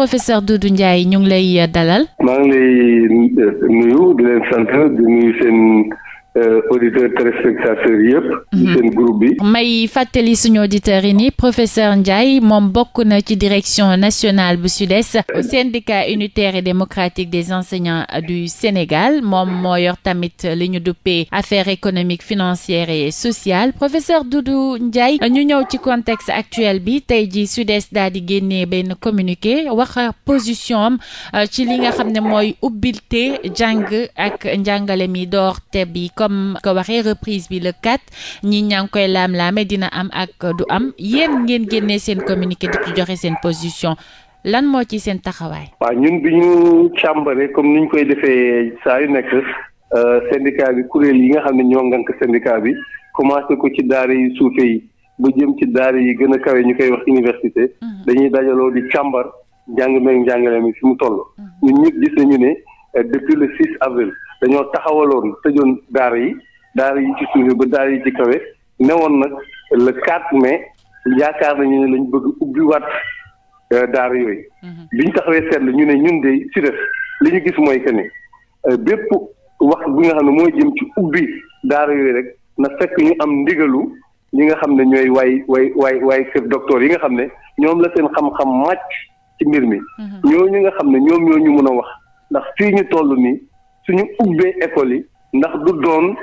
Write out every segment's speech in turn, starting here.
professeur Doudou Ndiaye ñu ngi lay euh, dalal. maa ngi lay euh, nuyu di leen sant di nuyu seen. Euh, auditeurs téléspectateurs yëpp. Mhm. fàttali suñu auditeurs yi ni professeur Ndiaye moom bokk na ci direction nationale bu SUDES. Euh, syndicat unitaire et démocratique des enseignants du Sénégal moom moo yor tamit li ñu duppee affaires économiques financière et sociales professeur Doudou Ndiaye ñu ñëw ci contexte actuel bi tey ji SUDES daal di génnee benn communiqué wax position euh, ci li nga xam ne mooy ubbilte jàng ak njàngale door te bi. comme ko waxee reprise bi le 4 ñi ñaa ngi koy laam-laame dina am ak du am yéen ngeen génnee seen communiqué di ci joxe seen position lan moo ci seen taxawaay. waaw ñun bi ñu càmbare comme ni ñu koy defee saa yu nekk euh, bi kuréel yi nga xam ne ñoo ngànk syndicat bi commencé ko ci daara yi suufe yi ba jëm ci daara yi gën a kawe ñu koy wax université. Mm-hmm. dañuy dajaloo di càmbar njàng meeg njàngale mi fi mu toll. Mm-hmm. ñun ñëpp gis nañu ne euh, depuis le 6 avril. dañoo taxawaloon tëjoon daara yi daara yi ci suuf ba daara yi ci kawe newoon nag le 4 mai yaakaar nañu ne lañ bëgg ubbiwaat euh, daara yooyu. Mhm. biñ taxawee seetlu ñu ne ñun de si def li ñu gis mooy que ni euh, bépp wax bi nga xam ne mooy jëm ci ubbi daara yooyu rek na fekk ñu am ndigalu ñi nga xam ne ñooy waay waay waay waay kër docteur yi nga xam ne ñoom la seen xam-xam màcc ci mbir mi. Mhm. ñooñu nga xam ne ñoom ñoo ñu mën a wax ndax fii ñu toll nii. suñu ubbee école yi ndax du doon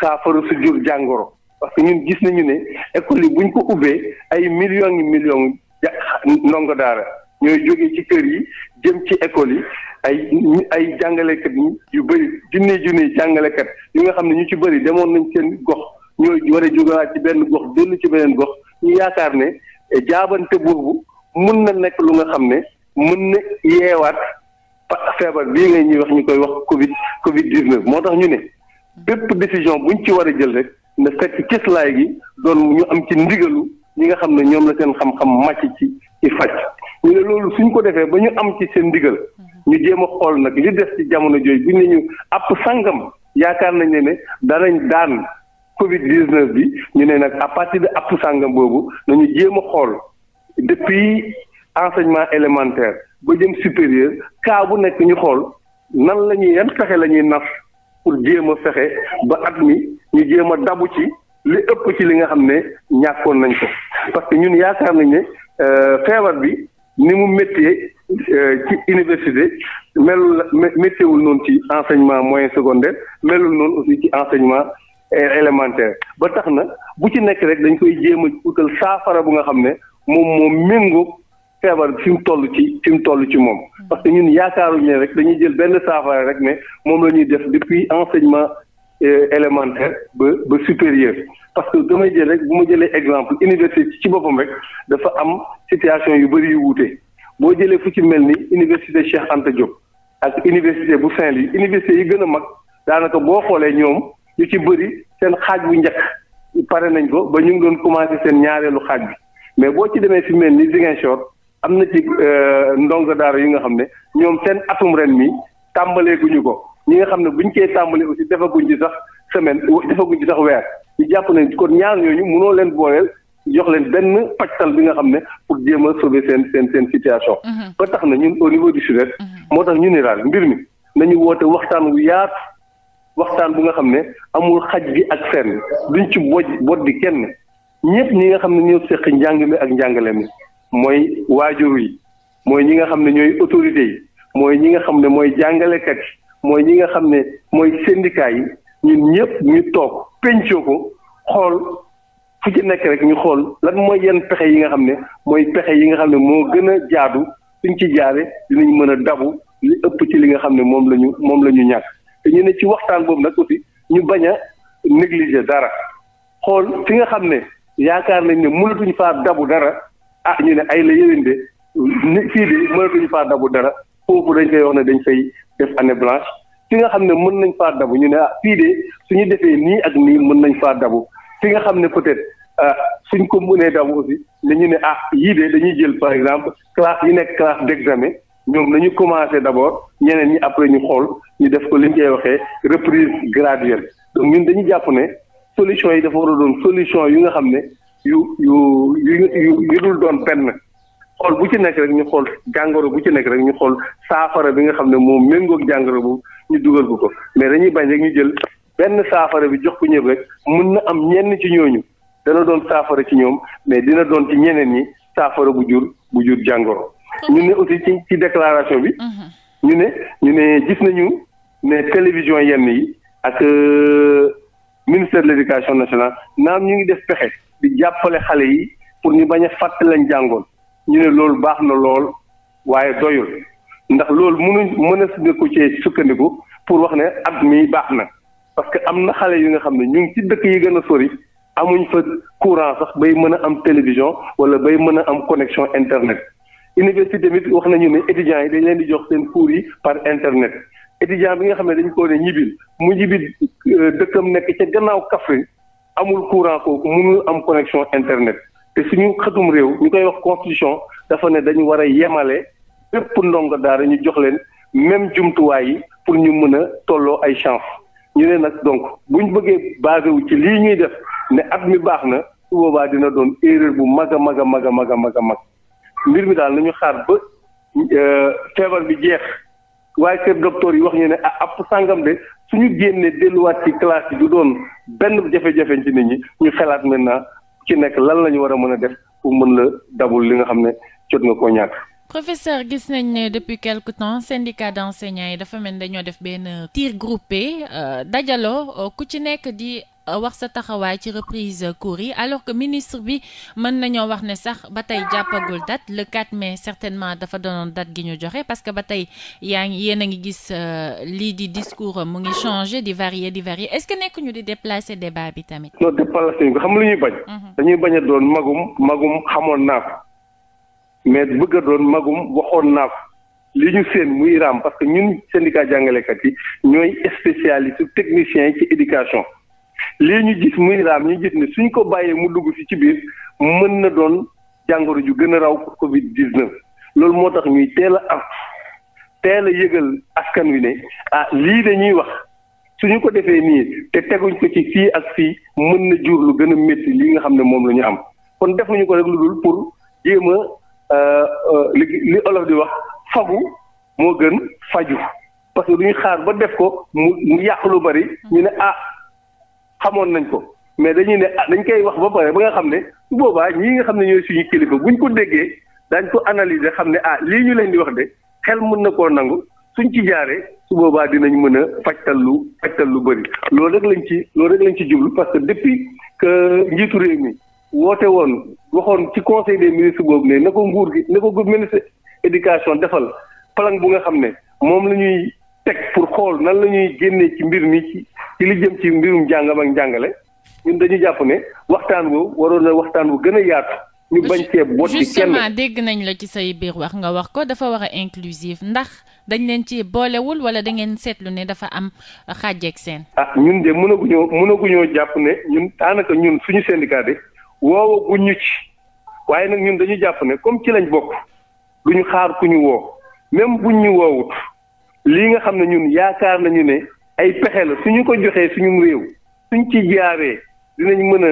saafara su jur jàngoro parce que ñun gis nañu ne école yi buñ ko ubbee ay millions yi millions ndongo daara ñooy jóge ci kër yi jëm ci école yi ay ay jàngalekat yu bëri junne junne jàngalekat yu nga xam ne ñu ci bëri demoon nañ seen gox ñooy war a jógawaat ci benn gox dellu ci beneen gox ñu yaakaar ne jaabante boobu mun na nekk lu nga xam ne mun na yeewaat feebar bii ngay ñuy wax ñu koy wax Covid Covid 19 moo tax ñu ne bépp décision buñ ci war a jël rek na fekk cëslaay gi doon ñu am ci ndigalu ñi nga xam ne ñoom la seen xam-xam màcc ci ci faj ñu ne loolu suñ ko defee ba ñu am ci seen ndigal ñu jéem a xool nag li des ci jamono jooju buñ ne ñu àpp sangam yaakaar nañ ne ne danañ daan Covid 19 bi ñu ne nag à partir de àpp sangam boobu nañu jéem a xool depuis enseignement élémentaire. ba jëm supérieur cas bu nekk ñu xool nan lañuy ñuy yan fexe la ñuy nas pour jéem a fexe ba at mi ñu jéem a dabu ci li ëpp ci li nga xam ne ñàkkoon nañ ko parce que ñun yaakaar nañ ne euh, feebar bi ni mu méttee euh, ci université melul métteewul noonu ci enseignement moyen secondaire melul noonu aussi ci enseignement euh, élémentaire ba tax na bu ci nekk rek dañ koy jéem a utal saafara bu nga xam ne moom moo méngoo feebar fi mu toll ci fi mu toll ci moom hmm. parce que ñun yaakaaruñu ne rek dañuy jël benn saafara rek ne moom la ñuy def depuis enseignement euh, élémentaire ba ba supérieur parce que damay jël rek bu ma jëlee exemple université ci boppam rek dafa am situation yu bëri yu wuute boo jëlee fu ci mel ni université Cheikh Anta Diop ak université bu Saint-Louis université yi gën a mag daanaka boo xoolee ñoom ñu ci bëri seen xaaj bu njëkk pare nañ ko ba ñu ngi doon commencé seen ñaareelu xaaj mais boo ci demee fi mel ni Ziguinchor am na ci euh, ndongo daar yi nga xam ne ñoom seen atum ren mi tàmbalee ko ñi nga xam ne buñ koy tàmbalee aussi defaguñ ci sax semaine defaguñ ci sax weer ñu jàpp nañ kon ñaar ñooñu mënoo leen booleel jox leen benn pajtal bi nga xam ne pour jéem a sauver seen seen seen situation. Mhm. tax na ñun au niveau di si SUDES. Mhm. moo tax ñu ni daal mbir mi nañu woote waxtaan wu yaatu waxtaan bu nga xam ne amul xaj bi ak seen duñ ci boj bot bi kenn ñëpp ñi nga xam ne ñoo seq njàng mi ak njàngale mi. mooy waajur yi mooy ñi nga xam ne ñooy autorités yi mooy ñi nga xam ne mooy jàngalekat yi mooy ñi nga xam ne mooy syndicat yi ñun ñëpp ñu toog pencoo ko xool fu ci nekk rek ñu xool lan mooy yenn pexe yi nga xam ne mooy pexe yi nga xam ne moo gën a jaadu suñ ci jaare dinañ mën a dabu li ëpp ci li nga xam ne moom la ñu moom la ñu ñàkk te ñu ne ci waxtaan boobu nag aussi ñu bañ a négliger dara xool fi nga xam ne yaakaar nañ ne mënatuñ faa dabu dara ah ñu ne ay la yéwén de ni fii bi ñu faa dabu dara foofu dañ koy wax ne dañ fay def année blanche fi nga xam ne mën nañ faa dabu ñu ne ah de suñu defee nii ak nii mën nañ faa dabu fi nga xam ne peut-être ah suñ ko mënee dabu aussi ñu ne ah yii de dañuy jël par exemple classe yi nekk classe d'examen ñoom nañu commencé d'abord ñeneen ñi après ñu xool ñu def ko li ñu koy waxee reprise graduelle donc ñun dañu jàpp ne solution yi dafa war a doon solution yu nga xam ne yu yu yu yu dul doon benn xool bu ci nekk rek ñu xool jàngoro bu ci nekk rek ñu xool saafara bi nga xam ne moom méngook jàngoro bu ñu dugal ko ko mais dañuy bañ rek ñu jël benn saafara bi jox ko ñëpp rek mën na am ñenn ci ñooñu dana doon saafara ci ñoom mais dina doon ci ñeneen ñi saafara bu jur bu jur jàngoro. ñu ne aussi ci ci déclaration bi. Mhm. ñu ne ñu ne gis nañu ne télévision yenn yi ak euh, ministère de l'éducation nationale naam ñu ngi def pexe di jàppale xale yi. pour ñu bañ a fàtte lañ jàngoon ñu ne loolu baax na lool waaye doyul ndax loolu mënuñ mën a suñu ko cee sukkandiku pour wax ne at mi baax na parce que am na xale yu nga xam ne ñu ngi ci dëkk yi gën a sori amuñ fa courant sax bay mën a am télévision wala bay mën a am connexion internet université tamit wax nañu ne étudiants yi dañu leen di jox seen cours yi par internet étudiant bi nga xam ne dañ koo ne ñibil mu ñibil euh, dëkkam nekk ca gannaaw Kaffrine amul courant kooku mënul am connexion internet te suñu xëtum réew ñu koy wax constitution dafa ne dañu war a yemale bépp ndongo daara ñu jox leen même jumtuwaay yi pour ñu mën a tolloo ay chance ñu ne nag donc buñ bëggee basé wu ci lii ñuy def ne at mi baax na su boobaa dina doon erreur bu mag a mag a mag a mag a mag a mag mbir mi daal nañu xaar ba euh, feebar bi jeex waaye kër docteur yi wax ñu ne ah ab sàngam de suñu génnee delluwaat ci classe yi du doon benn jafe-jafe ci nit ñi ñu xalaat maintenant ci nekk lan la war a mën a def pour mën la dabul li nga xam ne jot nga koo ñàkk. professeur gis nañ ne depuis quelque temps syndicat d'enseignants yi dafa mel dañoo def benn tir groupé euh, dajaloo ku ci nekk di. wax sa taxawaay ci reprise cours yi alors que ministre bi mën nañoo wax ne sax ba tey jàppagul date le 4 mais certainement dafa doonoon date gi ñu joxe parce que ba tey yaa ngi yéen a ngi gis euh, lii di discours mu ngi changé di varier di varier est-ce que nekk ñu di déplacer débat bi tamit. non déplacer ñu xam lu ñuy bañ. Mhm. dañuy bañ a doon magum magum xamoon naa ko mais bëgg a doon magum waxoon naa ko li ñu seen muy raam parce que ñun syndicat jàngalekat yi ñooy spécialiste technicien lii ñu gis muy raam ñu gis ne suñ ko bàyyee mu dugg fi ci biir mën na doon jàngoro ju gën a raw Covid 19 loolu moo tax ñuy teel a am teel a yëgal askan wi ne ah lii dañuy wax suñu ko defee nii te teguñ ko ci fii ak fii mën na jur lu gën a métti li nga xam ne moom la ñu am kon def nañu ko rek lu dul pour jéem euh, euh, li li olof di wax fagu moo gën faju parce que duñu xaar ba def ko mu mu yàq lu bari mm. ñu ne ah. xamoon nañ ko mais dañuy ne ah, dañ koy wax ba pare ba nga xam ne bu boobaa ñii nga xam ne ñooy suñu kilifa buñ ko déggee dañ ko analyser xam ne ah lii ñu leen di wax de xel mën na koo nangu suñ ci jaaree su boobaa dinañ mën a fajtal lu fajtal lu bëri loolu rek lañ ci loolu rek lañ ci jublu parce que depuis que njiitu réew mi woote woon waxoon ci conseil des ministres boobu ne na ko nguur gi na ko ministre éducation defal plan bu nga xam ne moom la teg pour xool nan la ñuy génnee ci mbir mi ci li jëm ci mbirum jàngam ak njàngale ñun dañu jàpp ne waxtaan woowu waroon la waxtaan bu gën a yaatu. ñu bañ cee botti kenn justement dégg nañ la ci say biir wax nga wax ko dafa war a ndax dañ leen ci boolewul wala da ngeen seetlu ne dafa am xàjjeeg seen. ah ñun de mënaguñoo mënaguñoo jàpp ne ñun daanaka ñun suñu syndicat de woowa gu ñu ci waaye nag ñun dañu jàpp ne comme ci lañ bokk duñu xaar ku ñu woo même buñ ñu woowut. lii nga xam ne ñun yaakaar nañu ne ay pexe la su ñu ko joxee suñu réew suñ ci jaaree dinañ mën a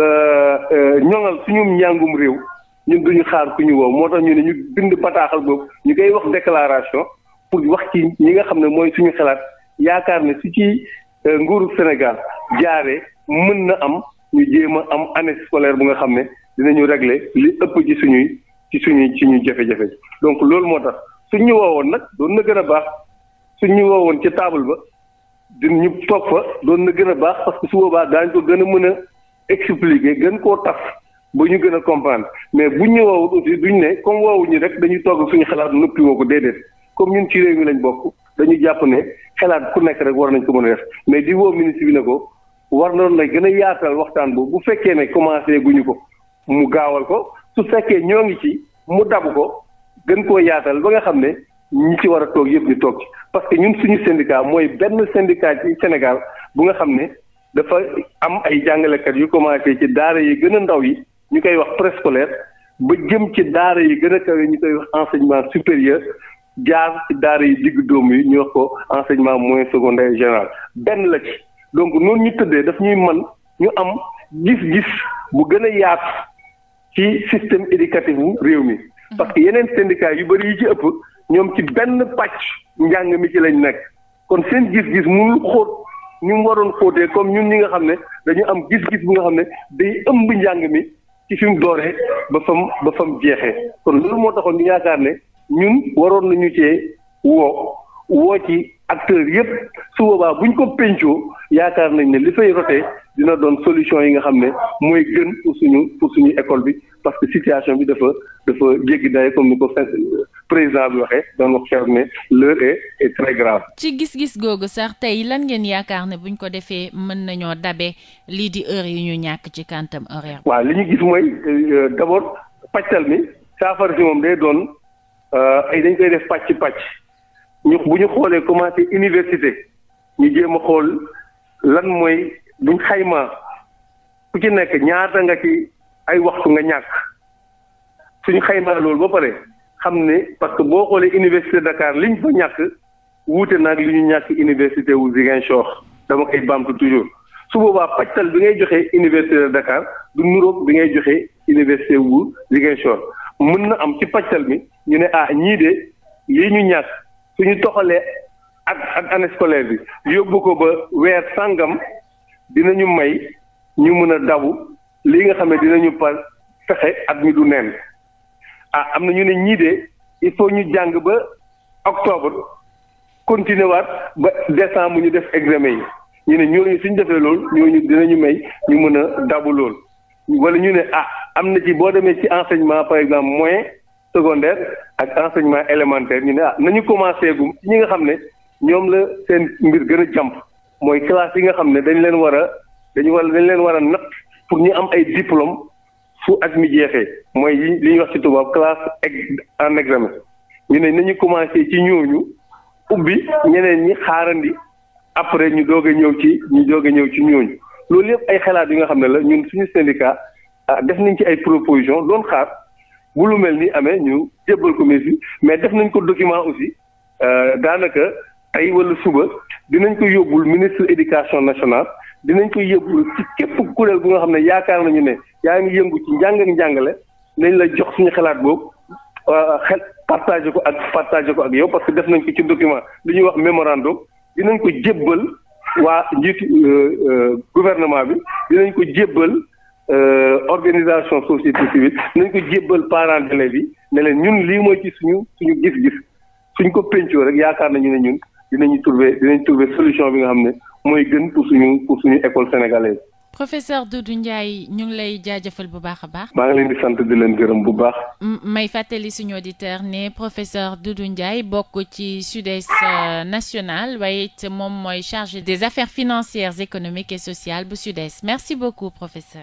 euh, euh, ñoŋal suñu njàngum réew ñun duñu xaar ku ñu woo moo tax ñu ne ñu bind bataaxal boobu ñu koy wax déclaration pour wax ci ñi nga xam ne mooy suñu xalaat yaakaar ne su ci euh, nguuru Sénégal jaaree mën na am ñu jéem a am année scolaire bu nga xam ne dinañu régler li ëpp ci suñuy ci suñuy ci ñuy jafe-jafe donc loolu moo tax suñ ñu woowoon nag doon na gën a baax. suñ ñu woon ca table ba di ñu toog fa doon na gën a baax parce que su boobaa daañu ko gën a mën a expliquer gën koo taf ba ñu gën a comprendre mais bu ñu woowul aussi duñ ne comme woowuñu rek dañu togg suñu xalaat noppi woo ko déedéet comme ñun ci réew mi lañ bokk dañu jàpp ne xalaat ku nekk rek war nañ ko mën a def mais di woo ministre bi ne ko war noonu la gën a yaatal waxtaan boobu bu fekkee ne commencé guñu ko mu gaawal ko su fekkee ñoo ngi ci mu dabu ko gën koo yaatal ba nga xam ne ñi ci war a toog yëpp ñu toog ci parce que ñun suñu syndicat mooy benn syndicat ci Sénégal bu nga xam ne dafa am ay jàngalekat yu commencé ci daara yi gën a ndaw yi ñu koy wax préscolaire ba jëm ci daara yi gën a kawe ñu koy wax enseignement supérieur jaar ci daara yi digg doom yi ñu wax ko enseignement moyen secondaire général benn la ci donc noonu ñu tëddee dafa ñuy man ñu am gis-gis bu gën a yaatu ci système éducatif bu réew mi parce que yeneen syndicat yu bëri yi ci ëpp ñoom ci benn pàcc njàng mi ci lañ nekk kon seen gis-gis mënul xóot ñu mu waroon xóotee comme ñun ñi nga xam ne dañu am gis-gis bi nga xam ne day ëmb njàng mi ci fi mu dooree ba fam ba fam jeexee kon loolu moo taxoon ñu yaakaar ne ñun waroon nañu cee woo woo ci acteur yëpp su boobaa buñ ko pencoo yaakaar nañ ne li fay rotee dina doon solution yi nga xam ne mooy gën pour suñu pour suñu école bi parce que situation bi dafa dafa jéggi day comme ni ko président bi waxee doon wax keroog ne l'heure est très grave. ci gis-gis googu sax tey lan ngeen yaakaar ne buñ ko defee mën nañoo dabe lii di heure yi ñu ñàkk ci quantum horaire. waaw li ñu gis mooy euh, d'abord pàccal mi saafara si moom day doon euh, ay dañ koy def pàcc pàcc. ñu bu ñu xoolee commencé université ñu jéem a xool lan mooy buñ xayma ku ci nekk ñaata nga ci ay waxtu nga ñàkk suñu xaymaa loolu ba pare xam ne parce que boo xoolee université Dakar liñ fa ñàkk wuute naag li ñu ñàkk université wu Ziguinchor dama koy bamtu toujours su boobaa pajtal bi ngay joxe université de Dakar du nuroog bi ngay joxe université wu Ziguinchor mën na am ci pajtal mi ñu ne ah ñii de lii ñu ñàkk. suñu toxalee at ak année scolaire bi yóbbu ko ba weer sàngam dina ñu may ñu mën a dabu lii nga xam ne dinañu par fexe ak mi du neen ah am na ñu ne ñii de il faut ñu jàng ba octobre continuer waat ba décembre ñu def examen yi ñu ne ñooñu suñ defee loolu ñooñu dinañu may ñu mën a dabu lool wala ñu ne ah am na ci boo demee ci enseignement par exemple moyen secondaire ak enseignement élémentaire ñu ne ah nañu commencé gum ci ñi nga xam ne ñoom la seen mbir gën a jàmp mooy classe yi nga xam ne dañ leen war a dañu war dañ leen war a natt pour ñu am ay diplôme fu ak mi jeexee mooy li ñuy wax ci tubaab classe en examen ñu ne nañu commencé ci ñooñu ubbi ñeneen ñi xaarandi après ñu doog ñëw ci ñu doog ñëw ci ñooñu loolu yëpp ay xalaat yi nga xam ne la ñun suñu syndicat ah, def nañ ci ay proposition doon xaar bu lu mel ni amee ñu jébbal ko ministre mais def nañ ko document aussi euh, daanaka tey wala suba dinañ ko yóbbul ministre éducation national dinañ ko yóbbul ci képp kuréel bu nga xam ne yaakaar nañu ne yaa ngi yëngu ci njàng njàngale nañ la jox suñu xalaat boobu euh, xel partagé ko ak partagé ko ak yow parce que def nañ ko ci document li ñuy wax mémorandum dinañ ko jébbal waa njiitu euh, gouvernement bi dinañ ko jébbal Euh, organisation société civile nañ ko jébbal parents d'élèves yi ne leen ñun lii mooy ci suñu suñu gis-gis suñ ko pencoo rek yaakaar nañu ne ñun dinañu trouver dinañ trouver solution bi nga xam ne mooy gën pour suñu pour suñu école sénégalaise. professeur Doudou Ndiaye ñu ngi lay jaajëfal bu baax a baax. maa ngi leen di sant di leen gërëm bu baax. may fàttali suñu auditeur ne professeur Doudou Ndiaye bokk ci Sud-Est euh, national waaye it moom mooy chargé des affaires financières économiques et sociales bu Sud-Est merci beaucoup professeur.